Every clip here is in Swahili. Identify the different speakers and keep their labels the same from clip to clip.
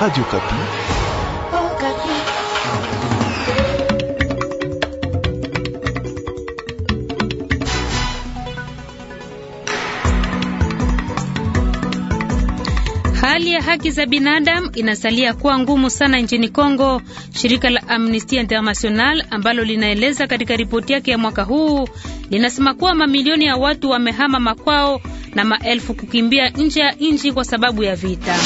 Speaker 1: Radio Kapi.
Speaker 2: Oh, Kapi.
Speaker 3: Hali ya haki za binadamu inasalia kuwa ngumu sana nchini Kongo. Shirika la Amnesty International ambalo linaeleza katika ripoti yake ya mwaka huu linasema kuwa mamilioni ya watu wamehama makwao na maelfu kukimbia nje ya nchi kwa sababu ya vita.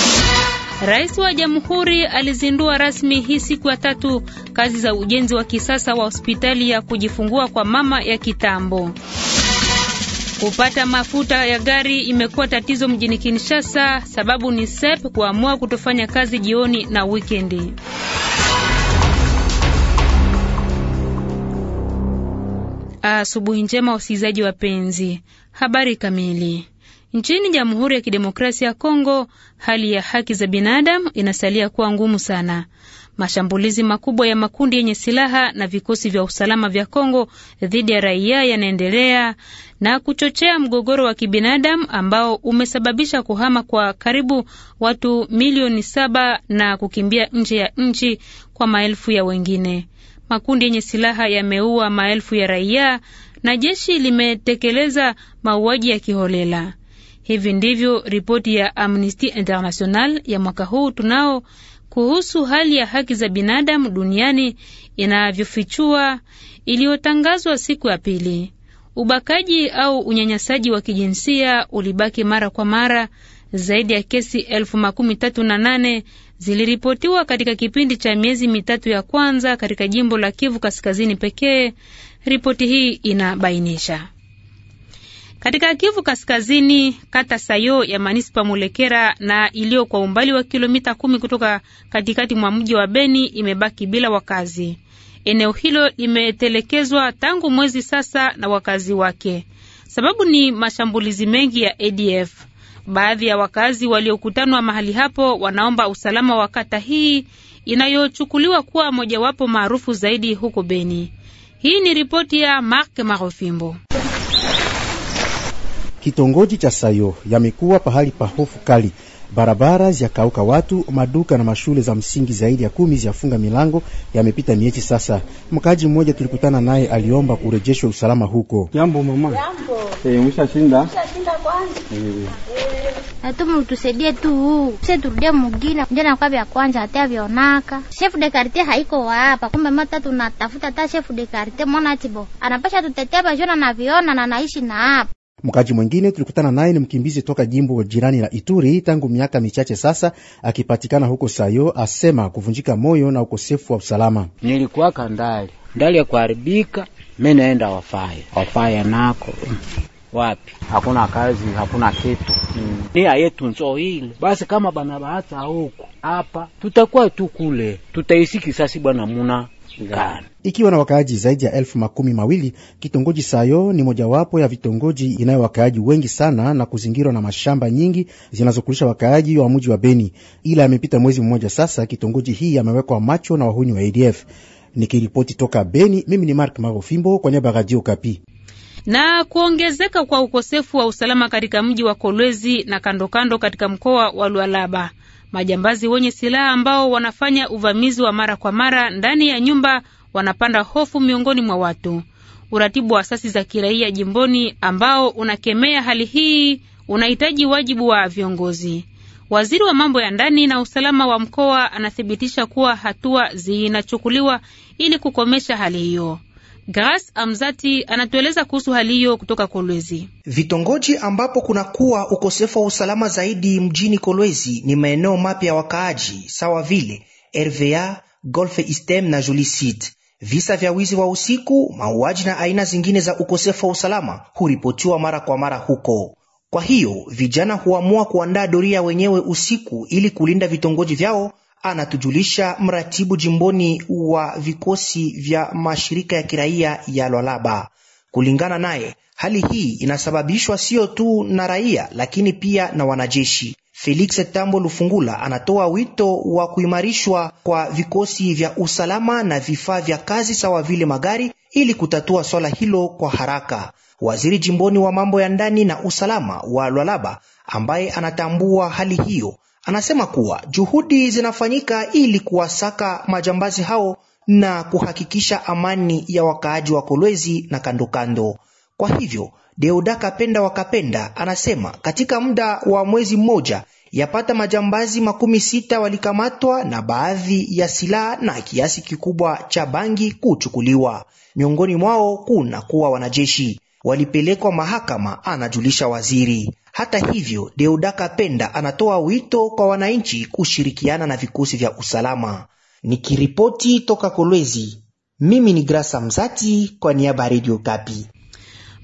Speaker 3: Rais wa Jamhuri alizindua rasmi hii siku ya tatu kazi za ujenzi wa kisasa wa hospitali ya kujifungua kwa mama ya Kitambo. Kupata mafuta ya gari imekuwa tatizo mjini Kinshasa, sababu ni SEP kuamua kutofanya kazi jioni na wikendi. Asubuhi njema wasikilizaji wapenzi. Habari kamili. Nchini Jamhuri ya Kidemokrasia ya Kongo, hali ya haki za binadamu inasalia kuwa ngumu sana. Mashambulizi makubwa ya makundi yenye silaha na vikosi vya usalama vya Kongo dhidi ya raia yanaendelea na kuchochea mgogoro wa kibinadamu ambao umesababisha kuhama kwa karibu watu milioni saba na kukimbia nje ya nchi kwa maelfu ya wengine. Makundi yenye silaha yameua maelfu ya raia na jeshi limetekeleza mauaji ya kiholela. Hivi ndivyo ripoti ya Amnesty International ya mwaka huu tunao kuhusu hali ya haki za binadamu duniani inavyofichua, iliyotangazwa siku ya pili. Ubakaji au unyanyasaji wa kijinsia ulibaki mara kwa mara. Zaidi ya kesi elfu makumi tatu na nane ziliripotiwa katika kipindi cha miezi mitatu ya kwanza katika jimbo la Kivu Kaskazini pekee, ripoti hii inabainisha katika Kivu Kaskazini, kata Sayo ya manispa Mulekera na iliyo kwa umbali wa kilomita kumi kutoka katikati mwa mji wa Beni imebaki bila wakazi. Eneo hilo limetelekezwa tangu mwezi sasa na wakazi wake. Sababu ni mashambulizi mengi ya ADF. Baadhi ya wakazi waliokutanwa mahali hapo wanaomba usalama wa kata hii inayochukuliwa kuwa mojawapo maarufu zaidi huko Beni. Hii ni ripoti ya Mark Marofimbo.
Speaker 4: Kitongoji cha Sayo yamekuwa pahali pa hofu kali, barabara ziyakauka, watu maduka na mashule za msingi zaidi ya kumi ziyafunga milango. Yamepita miezi sasa. Mkaji mmoja tulikutana naye aliomba kurejeshwa usalama huko. Jambo mama.
Speaker 5: Jambo. Eh, umeshashinda? Umeshashinda kwanza. Eh. Natumu utusaidie tu huu se turudia mugina ndio kwa vya kwanza hata vionaka chef de quartier haiko hapa. kumbe mata tunatafuta ta chef de quartier mwana tibo anapasha tutetea bajona na viona na naishi na hapa
Speaker 4: Mkaji mwingine tulikutana naye ni mkimbizi toka jimbo jirani la Ituri tangu miaka michache sasa, akipatikana huko Sayo, asema kuvunjika moyo na ukosefu wa usalama.
Speaker 2: Nilikuwaka ndali ndali ya kuharibika, mi naenda wafaya
Speaker 4: wafaya nako
Speaker 2: wapi, hakuna kazi, hakuna kitu mm. Nia yetu nzo ile basi, kama bana bahata huku hapa, tutakuwa tu kule, tutaisiki bwana muna
Speaker 4: ikiwa na wakaaji zaidi ya elfu makumi mawili, kitongoji Sayo ni mojawapo ya vitongoji inayo wakaaji wengi sana na kuzingirwa na mashamba nyingi zinazokulisha wakaaji wa mji wa Beni. Ila amepita mwezi mmoja sasa, kitongoji hii amewekwa macho na wahuni wa ADF. Nikiripoti toka Beni, mimi ni Mark Marofimbo kwa niaba ya Radio Kapi
Speaker 3: na kuongezeka kwa ukosefu wa usalama katika mji wa Kolwezi na kandokando kando katika mkoa wa Lualaba Majambazi wenye silaha ambao wanafanya uvamizi wa mara kwa mara ndani ya nyumba wanapanda hofu miongoni mwa watu. Uratibu wa asasi za kiraia jimboni ambao unakemea hali hii unahitaji wajibu wa viongozi. Waziri wa mambo ya ndani na usalama wa mkoa anathibitisha kuwa hatua zinachukuliwa ili kukomesha hali hiyo. Gras Amzati anatueleza kuhusu hali hiyo kutoka Kolwezi.
Speaker 1: Vitongoji ambapo kunakuwa ukosefu wa usalama zaidi mjini Kolwezi ni maeneo mapya ya wakaaji sawa vile RVA, Golfe Estem na Julisit. Visa vya wizi wa usiku, mauaji na aina zingine za ukosefu wa usalama huripotiwa mara kwa mara huko. Kwa hiyo vijana huamua kuandaa doria wenyewe usiku ili kulinda vitongoji vyao anatujulisha mratibu jimboni wa vikosi vya mashirika ya kiraia ya Lwalaba. Kulingana naye, hali hii inasababishwa sio tu na raia, lakini pia na wanajeshi. Felix Tambo Lufungula anatoa wito wa kuimarishwa kwa vikosi vya usalama na vifaa vya kazi sawa vile magari ili kutatua swala hilo kwa haraka. Waziri jimboni wa mambo ya ndani na usalama wa Lwalaba ambaye anatambua hali hiyo Anasema kuwa juhudi zinafanyika ili kuwasaka majambazi hao na kuhakikisha amani ya wakaaji wa Kolwezi na kandokando. Kwa hivyo Deodaka Penda Wakapenda anasema katika muda wa mwezi mmoja yapata majambazi makumi sita walikamatwa na baadhi ya silaha na kiasi kikubwa cha bangi kuchukuliwa. Miongoni mwao kuna kuwa wanajeshi walipelekwa mahakama, anajulisha waziri. Hata hivyo, Deodaka Penda anatoa wito kwa wananchi kushirikiana na vikosi vya usalama. Nikiripoti toka Kolwezi, mimi ni Grasa Mzati kwa niaba ya Radio Kapi.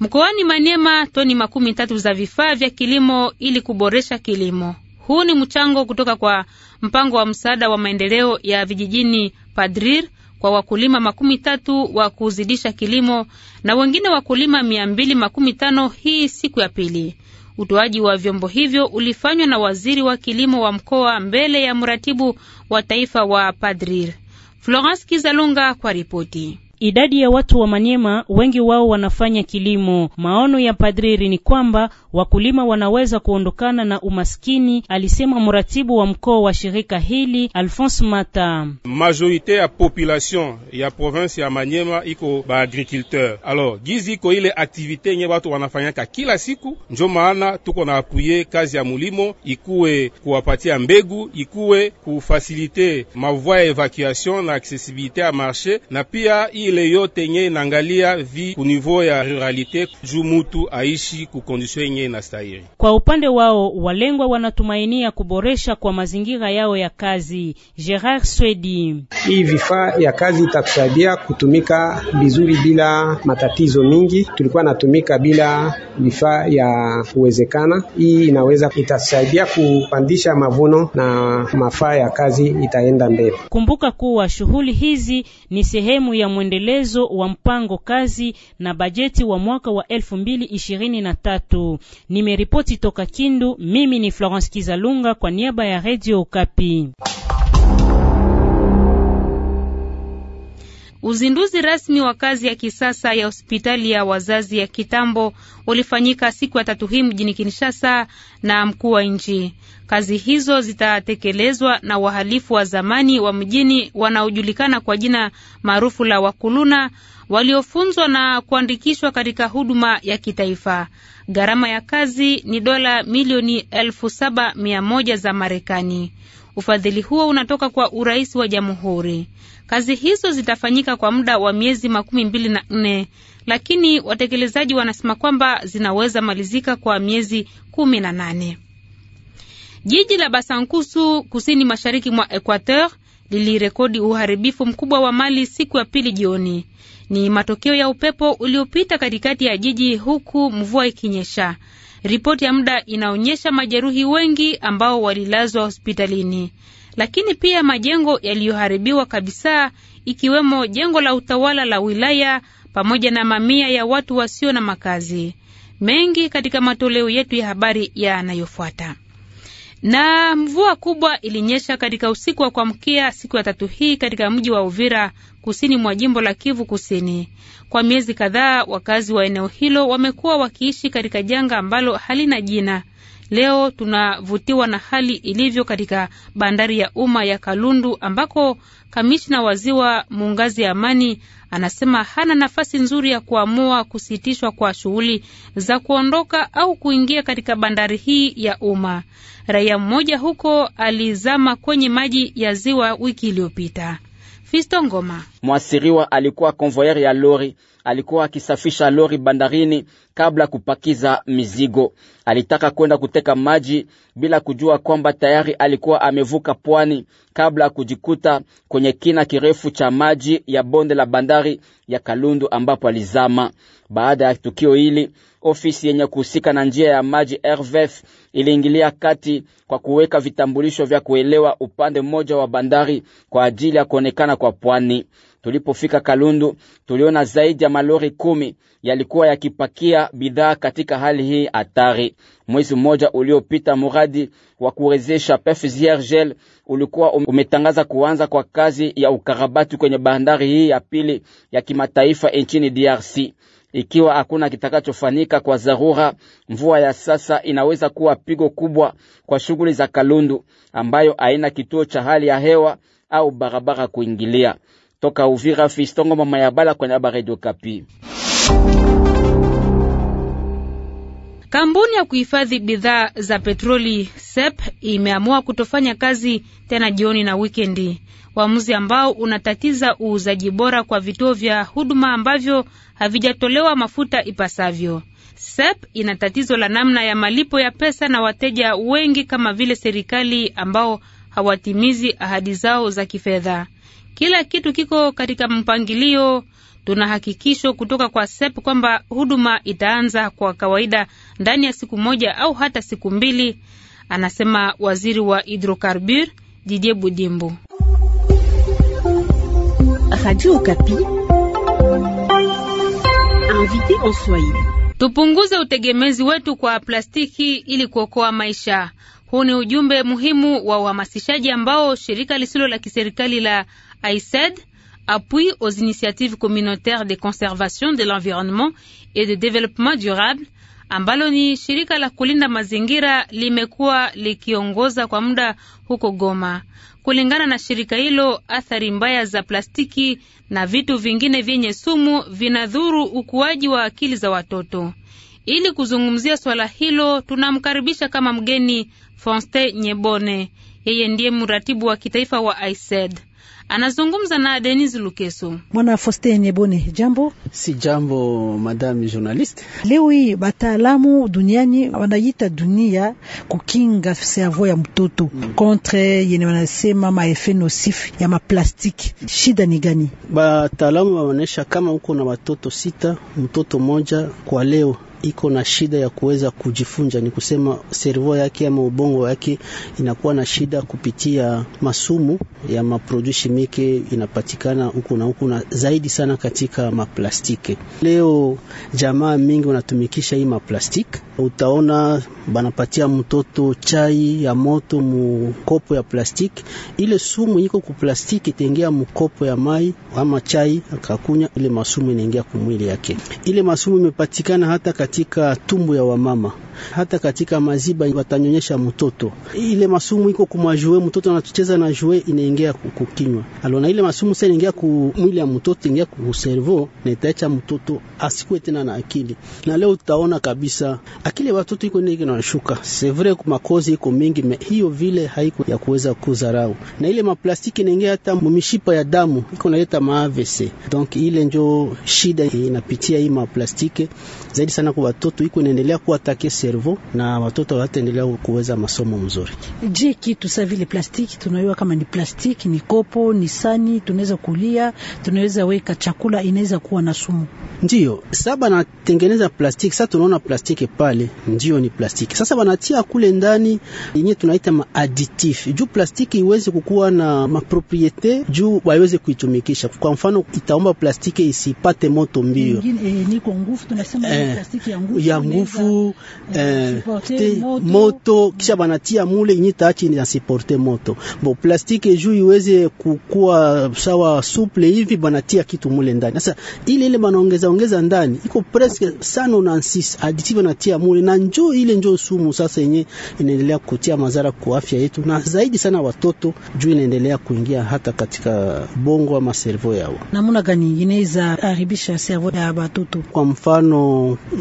Speaker 3: Mkoani Maniema, toni makumi tatu za vifaa vya kilimo ili kuboresha kilimo. Huu ni mchango kutoka kwa mpango wa msaada wa maendeleo ya vijijini Padrir kwa wakulima makumi tatu wa kuzidisha kilimo na wengine wakulima mia mbili makumi tano hii siku ya pili. Utoaji wa vyombo hivyo ulifanywa na waziri wa kilimo wa mkoa mbele ya mratibu wa taifa wa Padrir. Florence Kizalunga kwa ripoti. Idadi ya watu wa Manyema wengi wao wanafanya kilimo. Maono ya padriri ni kwamba wakulima wanaweza kuondokana na umaskini, alisema mratibu wa mkoa wa shirika hili Alphonse Mata.
Speaker 4: Majorite ya population ya province ya Manyema iko ba agriculteur. Alors gizi iko ile activité nye watu wanafanyaka kila siku, njo maana tuko na apuye kazi ya mulimo, ikuwe kuwapatia mbegu, ikuwe kufasilite mavoie ya evacuation na accessibilité ya marché na pia ile yote nye inaangalia vi ku niveau ya ruralite juu mutu aishi ku condition yenye
Speaker 3: Kwa upande wao walengwa wanatumainia kuboresha kwa mazingira yao ya kazi. Gerard Swedi:
Speaker 6: hii vifaa ya kazi itatusaidia kutumika vizuri bila matatizo mingi. Tulikuwa natumika bila vifaa ya kuwezekana, hii inaweza itasaidia kupandisha mavuno na mafaa ya kazi itaenda mbele.
Speaker 3: Kumbuka kuwa shughuli hizi ni sehemu ya mwende mwendelezo wa mpango kazi na bajeti wa mwaka wa 2023. Nimeripoti toka Kindu, mimi ni Florence Kizalunga kwa niaba ya Radio Okapi. Uzinduzi rasmi wa kazi ya kisasa ya hospitali ya wazazi ya kitambo ulifanyika siku ya tatu hii mjini Kinshasa na mkuu wa nchi. Kazi hizo zitatekelezwa na wahalifu wa zamani wa mjini wanaojulikana kwa jina maarufu la wakuluna waliofunzwa na kuandikishwa katika huduma ya kitaifa. Gharama ya kazi ni dola milioni elfu saba mia moja za Marekani. Ufadhili huo unatoka kwa urais wa jamhuri. Kazi hizo zitafanyika kwa muda wa miezi makumi mbili na nne, lakini watekelezaji wanasema kwamba zinaweza malizika kwa miezi kumi na nane. Jiji la Basankusu kusini mashariki mwa Equateur lilirekodi uharibifu mkubwa wa mali siku ya pili jioni. Ni matokeo ya upepo uliopita katikati ya jiji huku mvua ikinyesha. Ripoti ya muda inaonyesha majeruhi wengi ambao walilazwa hospitalini lakini pia majengo yaliyoharibiwa kabisa, ikiwemo jengo la utawala la wilaya pamoja na mamia ya watu wasio na makazi. Mengi katika matoleo yetu ya habari yanayofuata. Na mvua kubwa ilinyesha katika usiku wa kuamkia siku ya tatu hii katika mji wa Uvira kusini mwa jimbo la Kivu Kusini. Kwa miezi kadhaa, wakazi wa eneo hilo wamekuwa wakiishi katika janga ambalo halina jina. Leo tunavutiwa na hali ilivyo katika bandari ya umma ya Kalundu ambako kamishna wa ziwa Muungazi Amani anasema hana nafasi nzuri ya kuamua kusitishwa kwa shughuli za kuondoka au kuingia katika bandari hii ya umma. Raia mmoja huko alizama kwenye maji ya ziwa wiki iliyopita. Fisto Ngoma,
Speaker 7: mwasiriwa alikuwa konvoyer ya lori alikuwa akisafisha lori bandarini kabla kupakiza mizigo. Alitaka kwenda kuteka maji bila kujua kwamba tayari alikuwa amevuka pwani kabla ya kujikuta kwenye kina kirefu cha maji ya bonde la bandari ya Kalundu ambapo alizama. Baada ya tukio hili, ofisi yenye kuhusika na njia ya maji RVF iliingilia kati kwa kuweka vitambulisho vya kuelewa upande mmoja wa bandari kwa ajili ya kuonekana kwa pwani. Tulipofika Kalundu, tuliona zaidi ya malori kumi yalikuwa yakipakia bidhaa katika hali hii hatari. Mwezi mmoja uliopita, muradi wa kuwezesha gel ulikuwa umetangaza kuanza kwa kazi ya ukarabati kwenye bandari hii ya pili ya kimataifa nchini DRC. Ikiwa hakuna kitakachofanyika kwa dharura, mvua ya sasa inaweza kuwa pigo kubwa kwa shughuli za Kalundu ambayo haina kituo cha hali ya hewa au barabara kuingilia. Toka Uvira, Fistongo mama ya bala kwenye aba Radio Kapi.
Speaker 3: Kampuni ya kuhifadhi bidhaa za petroli SEP imeamua kutofanya kazi tena jioni na wikendi, uamuzi ambao unatatiza uuzaji bora kwa vituo vya huduma ambavyo havijatolewa mafuta ipasavyo. SEP ina tatizo la namna ya malipo ya pesa na wateja wengi kama vile serikali ambao hawatimizi ahadi zao za kifedha. Kila kitu kiko katika mpangilio. Tuna hakikisho kutoka kwa SEP kwamba huduma itaanza kwa kawaida ndani ya siku moja au hata siku mbili, anasema waziri wa hidrokarbur Didie Budimbu. tupunguze utegemezi wetu kwa plastiki ili kuokoa maisha. Huu ni ujumbe muhimu wa uhamasishaji ambao shirika lisilo la kiserikali la AICED, appuie aux initiatives communautaires de conservation de l'environnement et de développement durable, ambalo ni shirika la kulinda mazingira limekuwa likiongoza kwa muda huko Goma. Kulingana na shirika hilo, athari mbaya za plastiki na vitu vingine vyenye sumu vinadhuru ukuaji wa akili za watoto. Ili kuzungumzia swala hilo, tunamkaribisha kama mgeni Fonste Nyebone. Yeye ndiye mratibu wa kitaifa wa AICED. Anazungumza na Denis Lukeso. Mwana Faustin
Speaker 6: Ebone, jambo. Si jambo, madame journaliste. Leo hii bataalamu duniani wanaita dunia kukinga servo ya mtoto mm, contre yene wanasema maefe nosif ya maplastiki. Shida ni gani? Bataalamu wanaonyesha kama huko na watoto sita, mtoto moja kwa leo iko na shida ya kuweza kujifunja, ni kusema servo yake ama ubongo wake inakuwa na shida kupitia masumu ya maprodu shimike inapatikana huku na huku, na zaidi sana katika maplastiki. Leo jamaa mingi wanatumikisha hii maplastiki, utaona banapatia mtoto chai ya moto mukopo ya plastiki, ile sumu iko ku plastiki itaingia mukopo ya mai ama chai akakunya, ile masumu inaingia kumwili yake, ile masumu imepatikana hata katika katika tumbo ya wamama hata katika maziba watanyonyesha mtoto. Ile masumu iko kumajue mtoto anacheza na jue inaingia kukinywa, alona ile masumu sasa inaingia ku mwili ya mtoto, ingia ku servo na itaacha mtoto asikue tena na akili. Na leo utaona kabisa akili ya watoto iko ndio inashuka. C'est vrai makozi iko mingi me, hiyo vile haiko ya kuweza kuzarau, na ile maplastiki inaingia hata mishipa ya damu iko naleta maavese. Donc ile njo shida inapitia hii maplastiki zaidi sana kwa watoto, iko inaendelea kuwa kuwatake cerveau na watoto wataendelea kuweza masomo mzuri. Je, kitu sa vile plastiki tunaiwa kama ni plastiki, ni kopo, ni sani, tunaweza kulia, tunaweza weka chakula, inaweza kuwa na sumu. Ndio saba natengeneza plastiki. Sasa tunaona plastiki pale, ndio ni plastiki. Sasa wanatia kule ndani yenye tunaita maaditif juu plastiki iweze kukuwa na mapropriete juu waweze kuitumikisha. Kwa mfano, itaomba plastiki isipate moto mbio, e, niko nguvu tunasema eh, ya nguvu eh, te, moto kisha banatia mule yenye taachi inasiporte moto bo plastiki juu iweze kukua sawa suple hivi, banatia kitu mule ndani. Sasa ile ile banaongeza ongeza ndani iko presque sana na six additive natia mule na njoo ile njoo sumu sasa yenye inaendelea kutia madhara kwa afya yetu na zaidi sana watoto juu inaendelea kuingia hata katika bongo ama servo yao. Namuna gani nyingine haribisha servo ya watoto, kwa mfano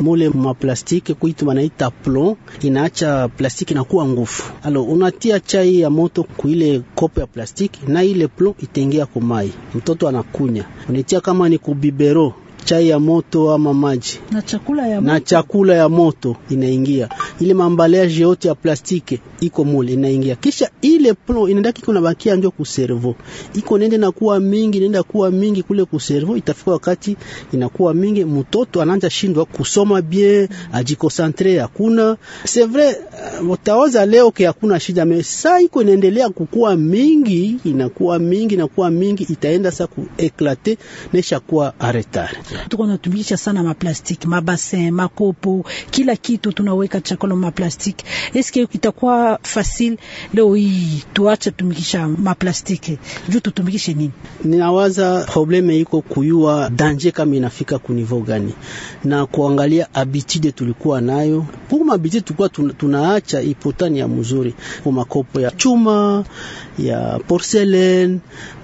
Speaker 6: mule mwa plastiki kuitu banaita inaita plon, inaacha plastiki inakuwa ngufu Alo, unatia chai ya moto kuile kopo ya plastiki na ile plon itengea kumai, mtoto anakunya, unatia kama ni kubibero chai ya moto ama maji na chakula ya moto, na chakula ya moto inaingia ile mambalaje yote ya plastiki iko mule inaingia, kisha ile plon inaendaki kuna bakia njo servo iko nende na kuwa mingi nenda kuwa mingi kule ku servo. itafika wakati inakuwa mingi, mtoto anaanza shindwa kusoma bien, ajikosantre hakuna. C'est vrai euh, utaoza leo ke hakuna shida, mais saa iko inaendelea kukua mingi, inakuwa mingi na kuwa mingi, itaenda sa ku eclater nesha kuwa aretare tuko natumisha sana maplastiki, mabasin, makopo, kila kitu tunaweka chakula maplastiki. Eske itakuwa fasil leo hii tuache tumikisha maplastiki juu tutumikishe nini? Ninawaza probleme iko kuyua danje kama inafika kunivo gani na kuangalia habitude tulikuwa nayo pour habitude tulikuwa tunaacha ipotani ya mzuri kwa makopo ya chuma ya porcelain.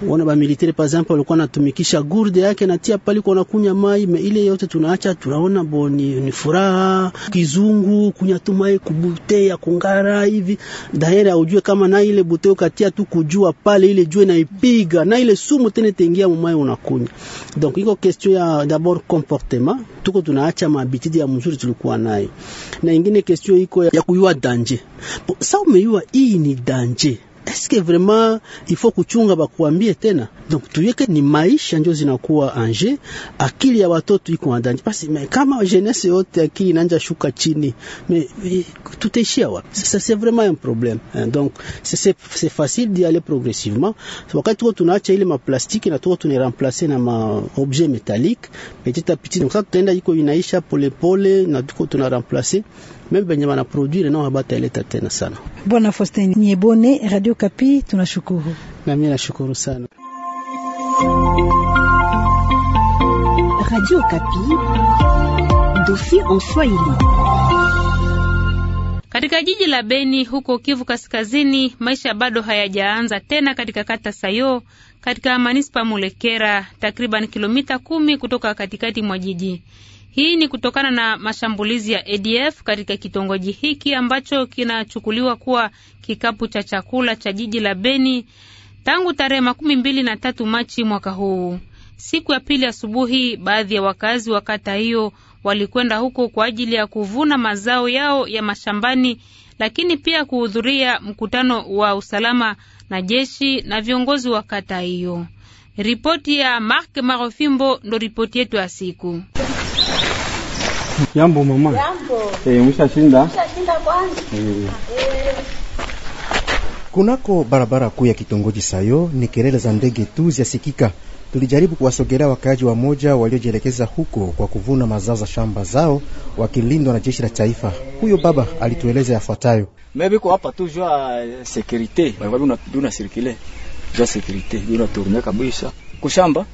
Speaker 6: Wana ba militaire par exemple walikuwa natumikisha gourde yake natia pale kwa nakunya tumai me ile yote tunaacha, tunaona boni ni furaha kizungu kunya tumai kubute ya kungara hivi daire ujue kama na ile bute ukatia tu kujua pale ile jue na ipiga na ile sumu tena tengia mumai unakunya. Donc iko question ya d'abord comportement, tuko tunaacha mabitidi ya mzuri tulikuwa nayo, na ingine question iko ya kuyua danje. Sasa umeyua hii ni danje eske vraiment ifo kuchunga bakuambie tena, donc tuyeke ni maisha njo zinakuwa anje, akili ya watoto iko ndani basi. Kama jeunesse yote akili inanja shuka chini, me tutaishia wapi sasa? C'est vraiment un problème. Donc c'est c'est facile d'y aller progressivement. Wakati tuko tunaacha ile maplastiki na tuko tuniremplacer na ma objet métallique petit à petit, donc ça tutaenda iko inaisha polepole na tuko tunaremplacer meme benye bana produire nao habataleta tena sana. Bwana Faustin Nyebone, Radio Kapi, tunashukuru. Na mimi nashukuru sana.
Speaker 1: Radio Kapi, dofi en Swahili.
Speaker 3: Katika jiji la Beni huko Kivu Kaskazini, maisha bado hayajaanza tena katika kata Sayo katika manispa Mulekera, takriban kilomita kumi kutoka katikati mwa jiji. Hii ni kutokana na mashambulizi ya ADF katika kitongoji hiki ambacho kinachukuliwa kuwa kikapu cha chakula cha jiji la Beni tangu tarehe makumi mbili na tatu Machi mwaka huu. Siku ya pili asubuhi, baadhi ya wakazi wa kata hiyo walikwenda huko kwa ajili ya kuvuna mazao yao ya mashambani, lakini pia kuhudhuria mkutano wa usalama na jeshi na viongozi wa kata hiyo. Ripoti ya Mark Marofimbo ndo ripoti yetu ya siku. Jambo mama. Jambo. Eh, umeshashinda? Umeshashinda kwanza. Eh. Eh.
Speaker 4: Kunako barabara kuu ya kitongoji Sayo ni kelele za ndege tu zyasikika. Tulijaribu kuwasogelea wakaaji wa moja waliojielekeza huko kwa kuvuna mazao za shamba zao wakilindwa na jeshi la taifa. Huyo baba alitueleza yafuatayo.
Speaker 7: Mimi kwa hapa tu jua eh, security, baba una una circuler. Jua security, una tourner kabisa kushamba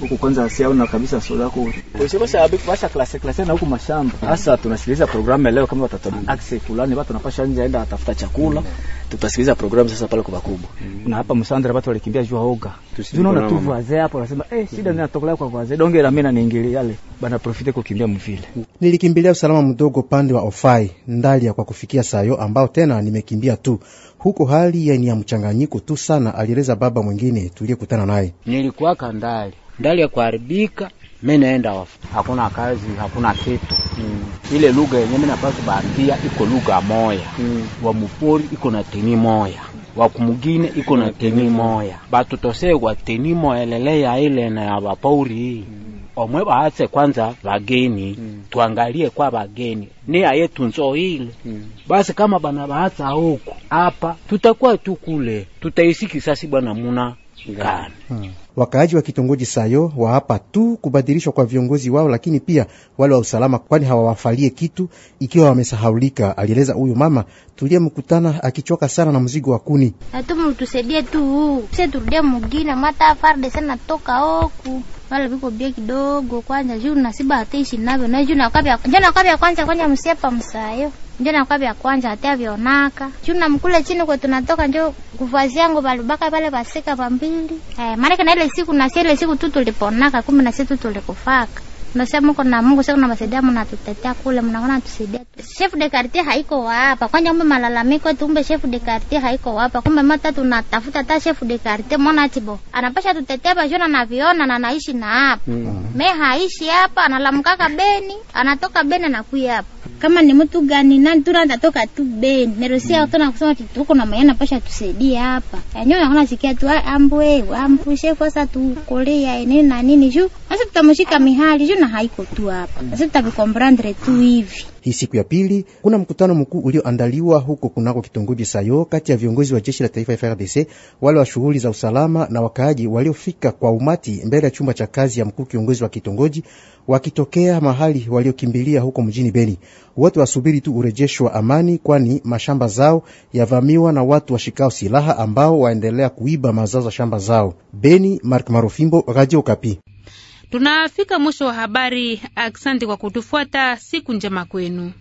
Speaker 7: huku kwanza asiaona kabisa sura yako usibasa abiku basa klase klase na huku mashamba hasa. Tunasikiliza programu leo, kama watoto access fulani watu wanapasha nje aenda atafuta chakula, tutasikiliza programu sasa pale kwa wakubwa, na hapa msandra watu walikimbia jua oga tunaona tu vaze hapo, anasema eh, shida zinatokelea kwa vaze donge la mimi na niingilia yale bana profite kukimbia mvile. Nilikimbilia usalama mdogo pande wa Ofai
Speaker 4: ndali ya kwa kufikia sayo ambao tena nimekimbia tu huko, hali ya ni ya mchanganyiko tu sana, alieleza baba mwingine tuliyekutana naye.
Speaker 2: Nilikuwa ka ndali ndali ya kuharibika, mimi naenda wafu, hakuna kazi, hakuna kitu mm. Ile lugha yenyewe mimi napaswa baambia iko lugha moya mm. wa mpori iko na tini moya wakumugine iko na teni moya batutosekwa teni moya lele ya ile na ya bapauri mm. omwe baase kwanza bageni mm. tuangalie kwa bageni ni aye tunzo ile mm. Basi kama bana baasa huku hapa, tutakuwa tu kule tutaisikisasi bwana muna
Speaker 4: gani? Hmm. Wakaaji wa kitongoji Sayo waapa tu kubadilishwa kwa viongozi wao, lakini pia wale wa usalama, kwani hawawafalie kitu ikiwa wamesahaulika, alieleza huyu mama tuliyemkutana akichoka sana na mzigo wa kuni.
Speaker 5: Natuma utusaidie tu se turudie mugina mata farde sana toka oku wala viko bia kidogo kwanja juu nasiba hataishi navyo na juu nakapya jana kapya kwanza kwanza msiepa msayo njo nakuwa vya kwanza atia vyonaka chuna mkule chini kwa tunatoka njo kuvazi yangu valubaka pale pasika pambili eh, maanake na ile siku na ile siku tu tuliponaka kumbe nasie tu tulikufaka nasema mko na Mungu sasa kunawasaidia mnatutetea kule mnaona tusaidia Chef de quartier haiko hapa. Kwanja umbe malalamiko tumbe chef de quartier haiko hapa. Kumbe mata tunatafuta ta chef de quartier mona tibo. Anapasha tutetea basi jona na viona na naishi na hapa. Mm. Me haishi hapa, analamkaka Beni, anatoka Beni na kuya hapa kama ni mtu gani nani tu toka tu bendi nerosia mm. tona kusema tuko na maana pasha tusaidie hapa yanyo nakona sikia tu ah, ambwe ampushe kosa tu kolea nini na nini juu sasa tutamshika mihali juu na haiko tu hapa. Sasa tutakomprendre tu hivi.
Speaker 4: Hii siku ya pili kuna mkutano mkuu ulioandaliwa huko kunako kitongoji Sayo kati ya viongozi wa jeshi la taifa FRDC, wale wa shughuli za usalama na wakaaji waliofika kwa umati mbele ya chumba cha kazi ya mkuu kiongozi wa kitongoji wakitokea mahali waliokimbilia huko mjini Beni. Wote wasubiri tu urejeshi wa amani, kwani mashamba zao yavamiwa na watu washikao silaha ambao waendelea kuiba mazao za shamba zao. Beni, Mark Marofimbo, Radio Kapi.
Speaker 3: Tunafika mwisho wa habari. Asante kwa kutufuata. Siku njema kwenu.